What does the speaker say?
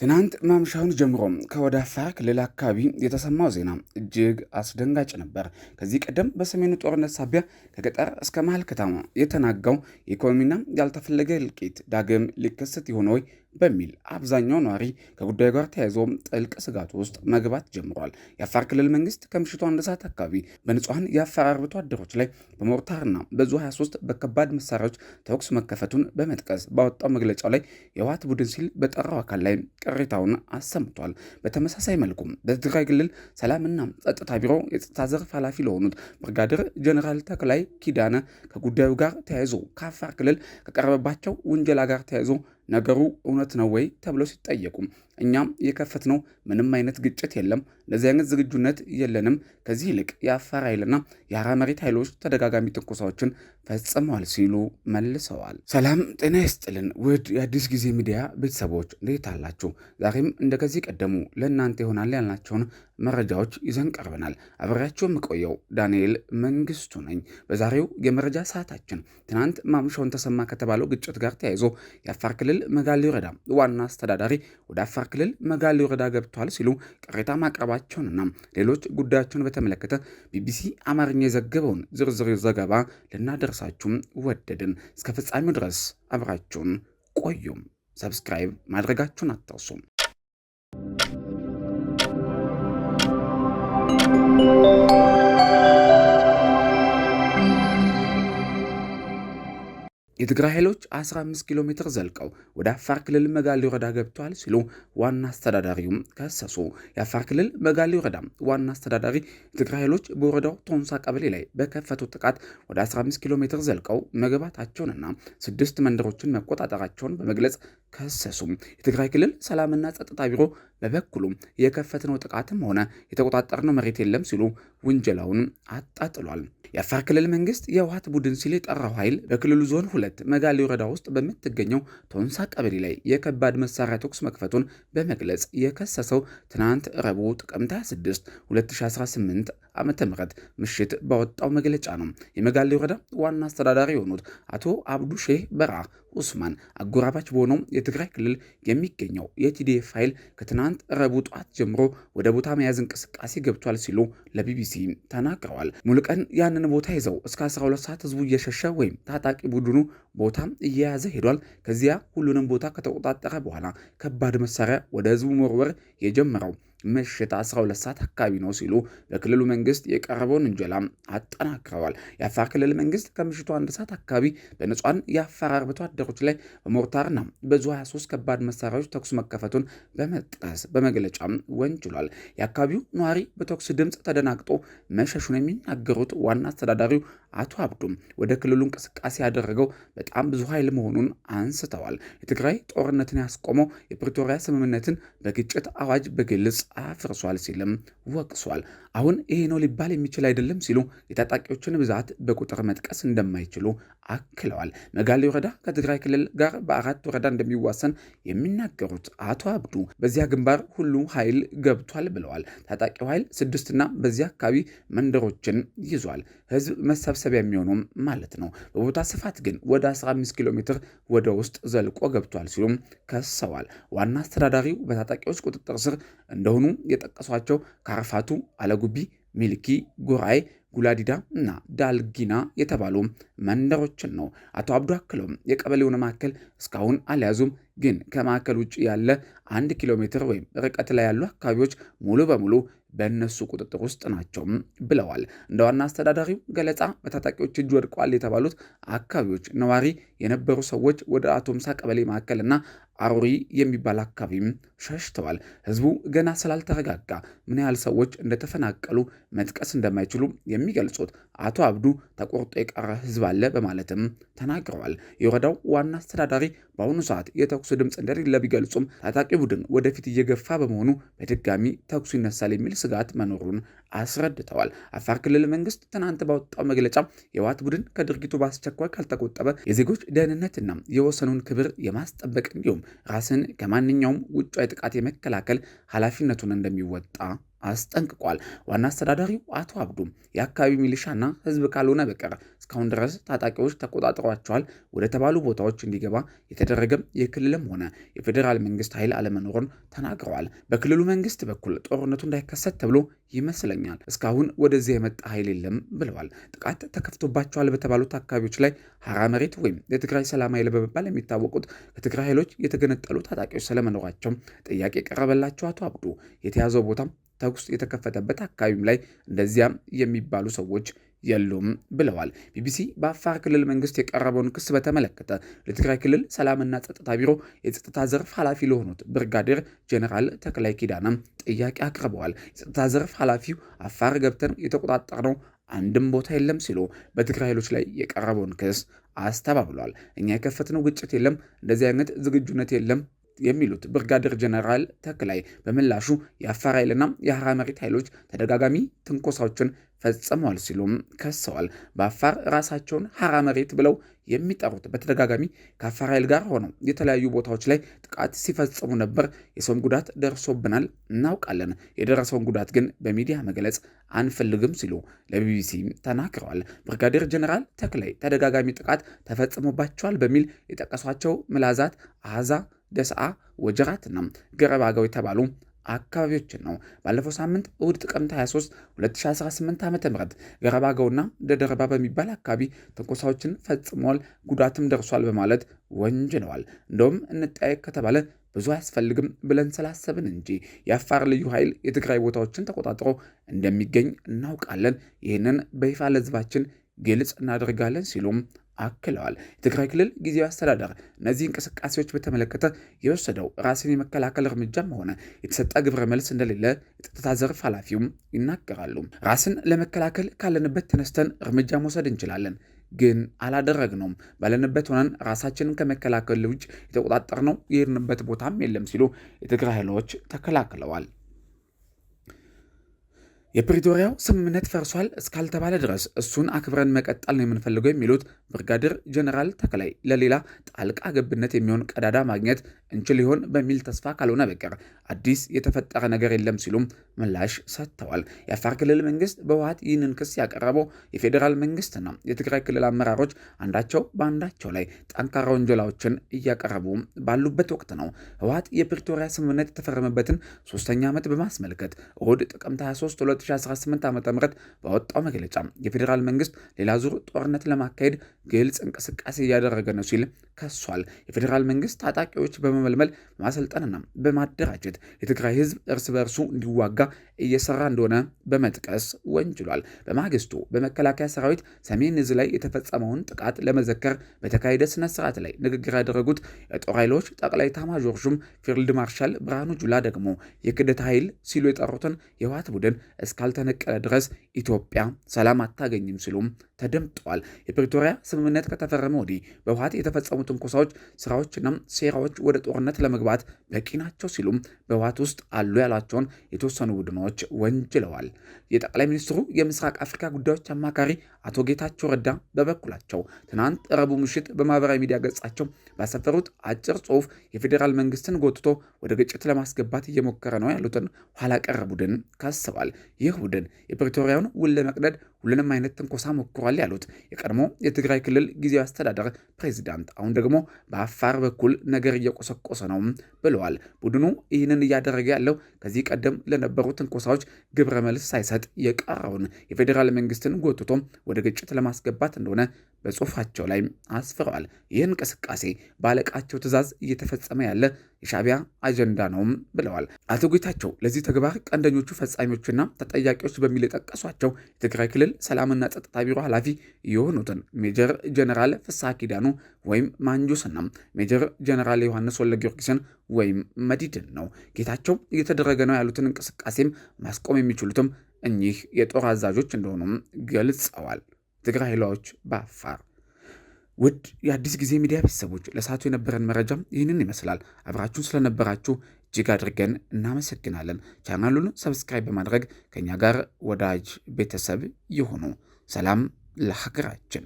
ትናንት ማምሻውን ጀምሮ ከወደ አፋር ክልል አካባቢ የተሰማው ዜና እጅግ አስደንጋጭ ነበር። ከዚህ ቀደም በሰሜኑ ጦርነት ሳቢያ ከገጠር እስከ መሀል ከተማ የተናጋው የኢኮኖሚና ያልተፈለገ እልቂት ዳግም ሊከሰት ይሆን ወይ በሚል አብዛኛው ነዋሪ ከጉዳዩ ጋር ተያይዞ ጥልቅ ስጋት ውስጥ መግባት ጀምሯል። የአፋር ክልል መንግስት ከምሽቱ አንድ ሰዓት አካባቢ በንጹሐን የአፋር አርብቶ አደሮች ላይ በሞርታርና በዙ 23 በከባድ መሳሪያዎች ተኩስ መከፈቱን በመጥቀስ ባወጣው መግለጫው ላይ የህወሓት ቡድን ሲል በጠራው አካል ላይ ቅሬታውን አሰምቷል። በተመሳሳይ መልኩም በትግራይ ክልል ሰላምና ጸጥታ ቢሮ የጸጥታ ዘርፍ ኃላፊ ለሆኑት ብርጋድር ጀኔራል ተክላይ ኪዳነ ከጉዳዩ ጋር ተያይዞ ከአፋር ክልል ከቀረበባቸው ውንጀላ ጋር ተያይዞ ነገሩ እውነት ነው ወይ ተብለው ሲጠየቁም እኛም የከፈትነው ምንም አይነት ግጭት የለም። ለዚህ አይነት ዝግጁነት የለንም። ከዚህ ይልቅ የአፋር ኃይልና የአራ መሬት ኃይሎች ተደጋጋሚ ትንኮሳዎችን ፈጽመዋል ሲሉ መልሰዋል። ሰላም ጤና ይስጥልን ውድ የአዲስ ጊዜ ሚዲያ ቤተሰቦች እንዴት አላችሁ? ዛሬም እንደከዚህ ቀደሙ ለእናንተ ይሆናል ያልናቸውን መረጃዎች ይዘን ቀርበናል። አብሬያቸው የምቆየው ዳንኤል መንግስቱ ነኝ። በዛሬው የመረጃ ሰዓታችን ትናንት ማምሻውን ተሰማ ከተባለው ግጭት ጋር ተያይዞ የአፋር ክልል መጋሌ ወረዳ ዋና አስተዳዳሪ ወደ አፋር ክልል መጋሌ ወረዳ ገብቷል ሲሉ ቅሬታ ማቅረባቸውንና ሌሎች ጉዳያቸውን በተመለከተ ቢቢሲ አማርኛ የዘገበውን ዝርዝር ዘገባ ልናደርሳችሁም ወደድን። እስከ ፍጻሜው ድረስ አብራችሁን ቆዩም። ሰብስክራይብ ማድረጋችሁን አትርሱም። you የትግራይ ኃይሎች 15 ኪሎ ሜትር ዘልቀው ወደ አፋር ክልል መጋሌ ወረዳ ገብተዋል ሲሉ ዋና አስተዳዳሪውም ከሰሱ። የአፋር ክልል መጋሌ ወረዳ ዋና አስተዳዳሪ የትግራይ ኃይሎች በወረዳው ቶንሳ ቀበሌ ላይ በከፈቱት ጥቃት ወደ 15 ኪሎ ሜትር ዘልቀው መግባታቸውንና ስድስት መንደሮችን መቆጣጠራቸውን በመግለጽ ከሰሱ። የትግራይ ክልል ሰላምና ጸጥታ ቢሮ በበኩሉ የከፈትነው ጥቃትም ሆነ የተቆጣጠርነው መሬት የለም ሲሉ ውንጀላውን አጣጥሏል። የአፋር ክልል መንግስት የህወሓት ቡድን ሲል የጠራው ኃይል በክልሉ ዞን ሁለት ዕለት መጋሌ ወረዳ ውስጥ በምትገኘው ቶንሳ ቀበሌ ላይ የከባድ መሳሪያ ተኩስ መክፈቱን በመግለጽ የከሰሰው ትናንት ረቡዕ ጥቅምት 26 2018 ዓ ም ምሽት ባወጣው መግለጫ ነው። የመጋሌ ወረዳ ዋና አስተዳዳሪ የሆኑት አቶ አብዱ ሼህ በራ ኡስማን አጎራባች በሆነው የትግራይ ክልል የሚገኘው የቲዲኤፍ ኃይል ከትናንት ረቡዕ ጠዋት ጀምሮ ወደ ቦታ መያዝ እንቅስቃሴ ገብቷል ሲሉ ለቢቢሲ ተናግረዋል። ሙሉቀን ያንን ቦታ ይዘው እስከ 12 ሰዓት ህዝቡ እየሸሸ ወይም ታጣቂ ቡድኑ ቦታ እየያዘ ሄዷል። ከዚያ ሁሉንም ቦታ ከተቆጣጠረ በኋላ ከባድ መሳሪያ ወደ ህዝቡ መወርወር የጀመረው ምሽት 12 ሰዓት አካባቢ ነው ሲሉ በክልሉ መንግስት የቀረበውን እንጀላ አጠናክረዋል። የአፋር ክልል መንግስት ከምሽቱ አንድ ሰዓት አካባቢ በንጹሐን የአፋር አርብቶ አደሮች ላይ በሞርታርና በዙ 23 ከባድ መሳሪያዎች ተኩስ መከፈቱን በመጥቀስ በመግለጫ ወንጅሏል። የአካባቢው ነዋሪ በተኩስ ድምፅ ተደናግጦ መሸሹን የሚናገሩት ዋና አስተዳዳሪው አቶ አብዱም ወደ ክልሉ እንቅስቃሴ ያደረገው በጣም ብዙ ኃይል መሆኑን አንስተዋል። የትግራይ ጦርነትን ያስቆመው የፕሪቶሪያ ስምምነትን በግጭት አዋጅ በግልጽ አፍርሷል ሲልም ወቅሷል። አሁን ይሄ ነው ሊባል የሚችል አይደለም ሲሉ የታጣቂዎችን ብዛት በቁጥር መጥቀስ እንደማይችሉ አክለዋል። መጋሌ ወረዳ ከትግራይ ክልል ጋር በአራት ወረዳ እንደሚዋሰን የሚናገሩት አቶ አብዱ በዚያ ግንባር ሁሉ ኃይል ገብቷል ብለዋል። ታጣቂው ኃይል ስድስትና በዚያ አካባቢ መንደሮችን ይዟል። ህዝብ መሰብሰብ መታሰቢያ የሚሆኑም ማለት ነው። በቦታ ስፋት ግን ወደ 15 ኪሎ ሜትር ወደ ውስጥ ዘልቆ ገብቷል ሲሉም ከሰዋል። ዋና አስተዳዳሪው በታጣቂዎች ቁጥጥር ስር እንደሆኑ የጠቀሷቸው ካርፋቱ፣ አለጉቢ፣ ሚልኪ፣ ጉራይ ጉላዲዳ እና ዳልጊና የተባሉ መንደሮችን ነው። አቶ አብዱ አክለውም የቀበሌውን ማዕከል እስካሁን አልያዙም፣ ግን ከማዕከል ውጭ ያለ አንድ ኪሎ ሜትር ወይም ርቀት ላይ ያሉ አካባቢዎች ሙሉ በሙሉ በእነሱ ቁጥጥር ውስጥ ናቸው ብለዋል። እንደ ዋና አስተዳዳሪው ገለጻ በታጣቂዎች እጅ ወድቋል የተባሉት አካባቢዎች ነዋሪ የነበሩ ሰዎች ወደ አቶ ምሳ ቀበሌ ማዕከልና አሮሪ የሚባል አካባቢም ሸሽተዋል። ህዝቡ ገና ስላልተረጋጋ ምን ያህል ሰዎች እንደተፈናቀሉ መጥቀስ እንደማይችሉ የሚገልጹት አቶ አብዱ ተቆርጦ የቀረ ህዝብ አለ በማለትም ተናግረዋል። የወረዳው ዋና አስተዳዳሪ በአሁኑ ሰዓት የተኩስ ድምፅ እንደሌለ ቢገልጹም ታጣቂ ቡድን ወደፊት እየገፋ በመሆኑ በድጋሚ ተኩሱ ይነሳል የሚል ስጋት መኖሩን አስረድተዋል። አፋር ክልል መንግስት ትናንት ባወጣው መግለጫ የዋት ቡድን ከድርጊቱ በአስቸኳይ ካልተቆጠበ የዜጎች ደህንነትና የወሰኑን ክብር የማስጠበቅ እንዲሁም ራስን ከማንኛውም ውጭ ጥቃት የመከላከል ኃላፊነቱን እንደሚወጣ አስጠንቅቋል። ዋና አስተዳዳሪው አቶ አብዱም የአካባቢ ሚሊሻና ህዝብ ካልሆነ በቀር እስካሁን ድረስ ታጣቂዎች ተቆጣጥሯቸዋል ወደ ተባሉ ቦታዎች እንዲገባ የተደረገም የክልልም ሆነ የፌዴራል መንግስት ኃይል አለመኖሩን ተናግረዋል። በክልሉ መንግስት በኩል ጦርነቱ እንዳይከሰት ተብሎ ይመስለኛል እስካሁን ወደዚህ የመጣ ኃይል የለም ብለዋል። ጥቃት ተከፍቶባቸዋል በተባሉት አካባቢዎች ላይ ሀራ መሬት ወይም የትግራይ ሰላም ኃይል በመባል የሚታወቁት ከትግራይ ኃይሎች የተገነጠሉ ታጣቂዎች ስለመኖራቸው ጥያቄ ቀረበላቸው። አቶ አብዱ የተያዘው ቦታም ተኩስ የተከፈተበት አካባቢም ላይ እንደዚያም የሚባሉ ሰዎች የሉም ብለዋል። ቢቢሲ በአፋር ክልል መንግስት የቀረበውን ክስ በተመለከተ ለትግራይ ክልል ሰላምና ጸጥታ ቢሮ የጸጥታ ዘርፍ ኃላፊ ለሆኑት ብርጋዴር ጀኔራል ተክላይ ኪዳናም ጥያቄ አቅርበዋል። የጸጥታ ዘርፍ ኃላፊው አፋር ገብተን የተቆጣጠርነው አንድም ቦታ የለም ሲሉ በትግራይ ኃይሎች ላይ የቀረበውን ክስ አስተባብሏል። እኛ የከፈትነው ግጭት የለም፣ እንደዚህ አይነት ዝግጁነት የለም የሚሉት ብርጋዴር ጀነራል ተክላይ በምላሹ የአፋር ኃይልና የሐራ መሬት ኃይሎች ተደጋጋሚ ትንኮሳዎችን ፈጽመዋል ሲሉም ከሰዋል። በአፋር ራሳቸውን ሐራ መሬት ብለው የሚጠሩት በተደጋጋሚ ከአፋር ኃይል ጋር ሆነው የተለያዩ ቦታዎች ላይ ጥቃት ሲፈጽሙ ነበር። የሰውን ጉዳት ደርሶብናል፣ እናውቃለን። የደረሰውን ጉዳት ግን በሚዲያ መግለጽ አንፈልግም ሲሉ ለቢቢሲ ተናግረዋል። ብርጋዴር ጀነራል ተክላይ ተደጋጋሚ ጥቃት ተፈጽሞባቸዋል በሚል የጠቀሷቸው ምላዛት አዛ። ደስዓ፣ ወጀራትና ገረባጋው የተባሉ አካባቢዎችን ነው። ባለፈው ሳምንት እሁድ ጥቅምት 23 2018 ዓ ም ገረባገውና ደደረባ በሚባል አካባቢ ትንኮሳዎችን ፈጽመዋል፣ ጉዳትም ደርሷል በማለት ወንጅነዋል። እንደውም እንጠያየቅ ከተባለ ብዙ አያስፈልግም ብለን ስላሰብን እንጂ የአፋር ልዩ ኃይል የትግራይ ቦታዎችን ተቆጣጥሮ እንደሚገኝ እናውቃለን። ይህንን በይፋ ለህዝባችን ግልጽ እናደርጋለን ሲሉም አክለዋል። የትግራይ ክልል ጊዜያዊ አስተዳደር እነዚህ እንቅስቃሴዎች በተመለከተ የወሰደው ራስን የመከላከል እርምጃም ሆነ የተሰጠ ግብረ መልስ እንደሌለ የጸጥታ ዘርፍ ኃላፊውም ይናገራሉ። ራስን ለመከላከል ካለንበት ተነስተን እርምጃ መውሰድ እንችላለን ግን አላደረግነውም። ባለንበት ሆነን ራሳችንን ከመከላከል ውጭ የተቆጣጠርነው የሄድንበት ቦታም የለም ሲሉ የትግራይ ኃይሎች ተከላክለዋል። የፕሪቶሪያው ስምምነት ፈርሷል እስካልተባለ ድረስ እሱን አክብረን መቀጠል ነው የምንፈልገው የሚሉት ብርጋዴር ጀነራል ተክላይ ለሌላ ጣልቃ ገብነት የሚሆን ቀዳዳ ማግኘት እንችል ይሆን በሚል ተስፋ ካልሆነ በቀር አዲስ የተፈጠረ ነገር የለም ሲሉም ምላሽ ሰጥተዋል። የአፋር ክልል መንግስት በህወሓት ይህንን ክስ ያቀረበው የፌዴራል መንግስትና የትግራይ ክልል አመራሮች አንዳቸው በአንዳቸው ላይ ጠንካራ ወንጀላዎችን እያቀረቡ ባሉበት ወቅት ነው። ህወሓት የፕሪቶሪያ ስምምነት የተፈረመበትን ሶስተኛ ዓመት በማስመልከት እሁድ ጥቅምት 23 2018 ዓ ም በወጣው መግለጫ የፌዴራል መንግስት ሌላ ዙር ጦርነት ለማካሄድ que es ya ከሷል። የፌዴራል መንግስት ታጣቂዎች በመመልመል በማሰልጠንና በማደራጀት የትግራይ ህዝብ እርስ በእርሱ እንዲዋጋ እየሰራ እንደሆነ በመጥቀስ ወንጅሏል። በማግስቱ በመከላከያ ሰራዊት ሰሜን እዝ ላይ የተፈጸመውን ጥቃት ለመዘከር በተካሄደ ስነ ስርዓት ላይ ንግግር ያደረጉት የጦር ኃይሎች ጠቅላይ ኤታማዦር ሹም ፊልድ ማርሻል ብርሃኑ ጁላ ደግሞ የክደት ኃይል ሲሉ የጠሩትን የህወሓት ቡድን እስካልተነቀለ ድረስ ኢትዮጵያ ሰላም አታገኝም ሲሉም ተደምጠዋል። የፕሪቶሪያ ስምምነት ከተፈረመ ወዲህ በህወሓት የተፈጸሙ ትንኮሳዎች፣ ስራዎችና ሴራዎች ወደ ጦርነት ለመግባት በቂ ናቸው ሲሉም በህወሓት ውስጥ አሉ ያሏቸውን የተወሰኑ ቡድኖች ወንጅለዋል። የጠቅላይ ሚኒስትሩ የምስራቅ አፍሪካ ጉዳዮች አማካሪ አቶ ጌታቸው ረዳ በበኩላቸው ትናንት ረቡዕ ምሽት በማህበራዊ ሚዲያ ገጻቸው ባሰፈሩት አጭር ጽሁፍ የፌዴራል መንግስትን ጎትቶ ወደ ግጭት ለማስገባት እየሞከረ ነው ያሉትን ኋላ ቀር ቡድን ካስባል። ይህ ቡድን የፕሪቶሪያውን ውል ለመቅደድ ሁሉንም አይነት ትንኮሳ ሞክሯል ያሉት የቀድሞ የትግራይ ክልል ጊዜያዊ አስተዳደር ፕሬዚዳንት አሁን ደግሞ በአፋር በኩል ነገር እየቆሰቆሰ ነው ብለዋል። ቡድኑ ይህንን እያደረገ ያለው ከዚህ ቀደም ለነበሩ ትንኮሳዎች ግብረ መልስ ሳይሰጥ የቀረውን የፌዴራል መንግስትን ጎትቶ ወደ ግጭት ለማስገባት እንደሆነ በጽሁፋቸው ላይም አስፍረዋል። ይህ እንቅስቃሴ በአለቃቸው ትእዛዝ እየተፈጸመ ያለ የሻቢያ አጀንዳ ነውም ብለዋል። አቶ ጌታቸው ለዚህ ተግባር ቀንደኞቹ ፈጻሚዎችና ተጠያቂዎች በሚል የጠቀሷቸው የትግራይ ክልል ሰላምና ጸጥታ ቢሮ ኃላፊ የሆኑትን ሜጀር ጀነራል ፍስሐ ኪዳኑ ወይም ማንጁስና ሜጀር ጀነራል ዮሐንስ ወለ ጊዮርጊስን ወይም መዲድን ነው። ጌታቸው እየተደረገ ነው ያሉትን እንቅስቃሴም ማስቆም የሚችሉትም እኚህ የጦር አዛዦች እንደሆኑም ገልጸዋል። ትግራይላዎች በአፋር ውድ የአዲስ ጊዜ ሚዲያ ቤተሰቦች ለሰዓቱ የነበረን መረጃም ይህንን ይመስላል። አብራችሁን ስለነበራችሁ እጅግ አድርገን እናመሰግናለን። ቻናሉን ሰብስክራይብ በማድረግ ከእኛ ጋር ወዳጅ ቤተሰብ ይሁኑ። ሰላም ለሀገራችን።